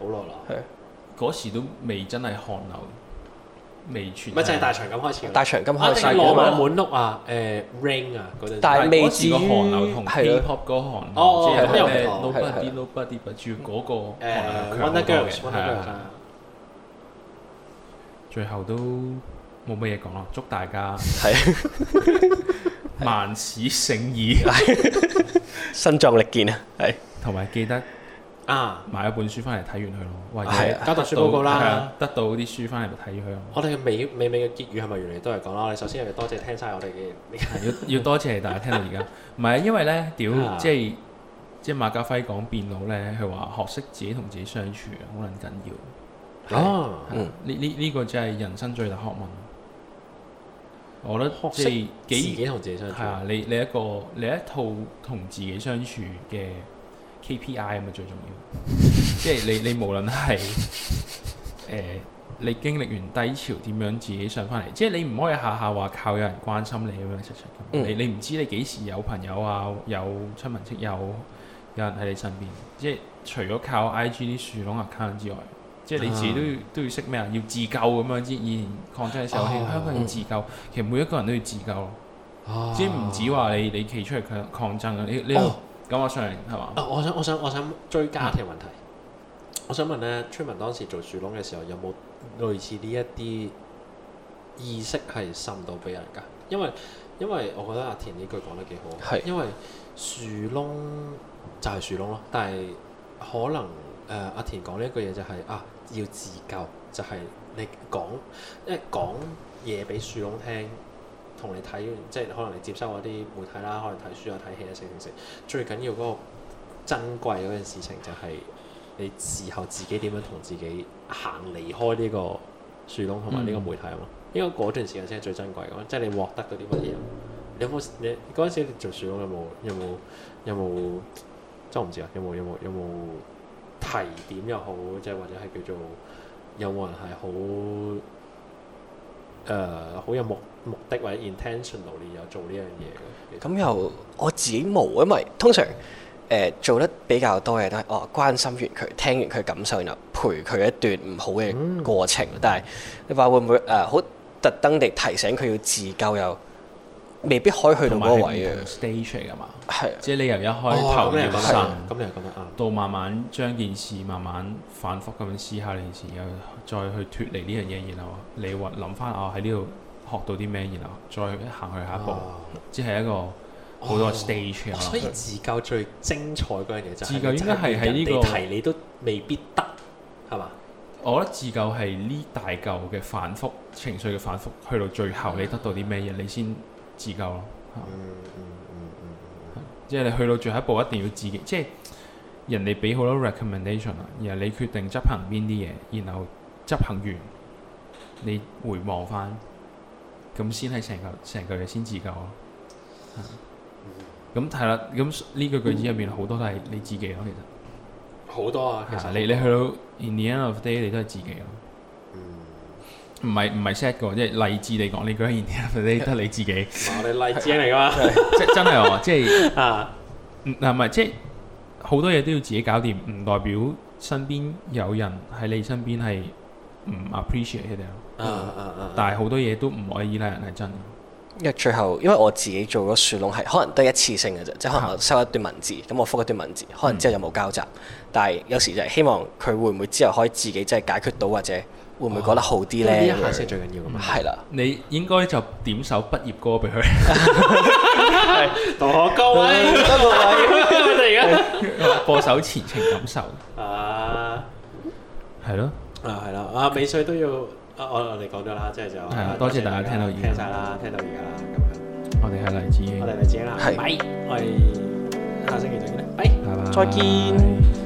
耐落。係嗰時都未真係寒流，未傳。咪就係大長咁開始。大長咁開始嘅嘛。滿屋啊，誒 r i n 啊，但係未知於寒流同 hip hop 嗰寒。哦，冇乜嘢，係係係。主要嗰個。誒，搵得腳嘅。最後都冇乜嘢講咯，祝大家係萬事勝意， 身壯力健啊！係同埋記得啊，買一本書翻嚟睇完佢咯。或者得到，啊、交讀書報告啦，得到啲書翻嚟睇佢咯。我哋美美美嘅結語係咪原嚟都係講啦？我哋首先係多謝，謝聽晒我哋嘅，要要多謝大家聽到而家。唔係啊，因為咧屌即係即係馬家輝講變老咧，佢話學識自己同自己相處啊，好撚緊要。哦、嗯，呢呢呢個就係人生最大學問。我覺得學識自己同自己相處，係啊！你你一個你一套同自己相處嘅 KPI 咪最重要。 即係你你無論係誒、呃，你經歷完低潮點樣自己上翻嚟，即係你唔可以下下話靠有人關心你咁樣出出。你你唔知你幾時有朋友啊，有親朋戚友有人喺你身邊，即係除咗靠 IG 啲樹窿 account 之外。即係你自己都要都要識咩啊？要自救咁樣，依家抗爭嘅時候，哦、香港要自救，哦、其實每一個人都要自救。哦，即係唔止話你你企出嚟抗抗爭啊！呢呢，咁、哦、我，我想係嘛？我想我想我想追家庭問題。嗯、我想問咧，村民當時做樹窿嘅時候，有冇類似呢一啲意識係滲到俾人家？因為因為我覺得阿田呢句講得幾好。係的。因為樹窿就係樹窿咯，但係。可能誒阿、呃、田講呢一句嘢就係、是、啊要自救，就係、是、你講，因為講嘢俾樹窿聽，同你睇，即係可能你接收嗰啲媒體啦，可能睇書啊、睇戲啊，食零食。最緊要嗰個珍貴嗰件事情就係你事後自己點樣同自己行離開呢個樹窿同埋呢個媒體啊嘛，應該嗰段時間先係最珍貴，即係你獲得到啲乜嘢？你有冇，你嗰陣時做樹窿有冇有冇有冇？有都唔知啊！有冇有冇有冇提點又好，即係或者係叫做有冇人係好誒好有目目的或者 intentionally 有做呢樣嘢嘅？咁又我自己冇，因為通常誒、呃、做得比較多嘅都係哦，關心完佢，聽完佢感受，然後陪佢一段唔好嘅過程。嗯、但係你話會唔會誒好特登地提醒佢要自救又？未必可以去到某個位嘅。stage 嚟㗎嘛？係。即係你由一開頭要神，到慢慢將件事慢慢反覆咁樣思考件事，然後再去脫離呢樣嘢，然後你話諗翻啊喺呢度學到啲咩，然後再行去下一步。即係一個好多 stage 啊。所以自救最精彩嗰樣嘢就係，自救應該係喺呢個題你都未必得，係嘛？我覺得自救係呢大嚿嘅反覆情緒嘅反覆，去到最後你得到啲咩嘢，你先。自救咯，嗯嗯嗯嗯嗯，即係你去到最後一步，一定要自己，即係人哋俾好多 recommendation，然後你決定執行邊啲嘢，然後執行完你回望翻，咁先係成個成個嘢先自救咯。咁睇啦，咁呢句句子入邊好多都係你自己咯，其實好多啊，其實你你去到 in the end of day，你都係自己咯。嗯嗯唔係唔係 set 嘅，即係勵志嚟講，你講完你得你，你自己。我哋勵志嚟噶嘛，即真係哦，即係啊，唔嗱唔係，即好多嘢都要自己搞掂，唔代表身邊有人喺你身邊係唔 appreciate 佢哋。啊啊啊、但係好多嘢都唔可以依賴人係真。因為最後，因為我自己做咗樹窿，係可能得一次性嘅啫，即係可能我收一段文字，咁、嗯、我覆一段文字，可能之後有冇交集。但係有時就希望佢會唔會之後可以自己即係解決到或者。會唔會講得好啲咧？呢一下聲最緊要噶嘛。係啦，你應該就點首畢業歌俾佢。同學各位，我而家播首前程感受。啊，係咯。啊，係啦。啊，美翠都要。啊，我我哋講咗啦，即係就係啊。多謝大家聽到聽晒啦，聽到而家啦。咁樣，我哋係勵志鷹，我哋勵志鷹啦。係。我哋下星期再見。拜拜。再見。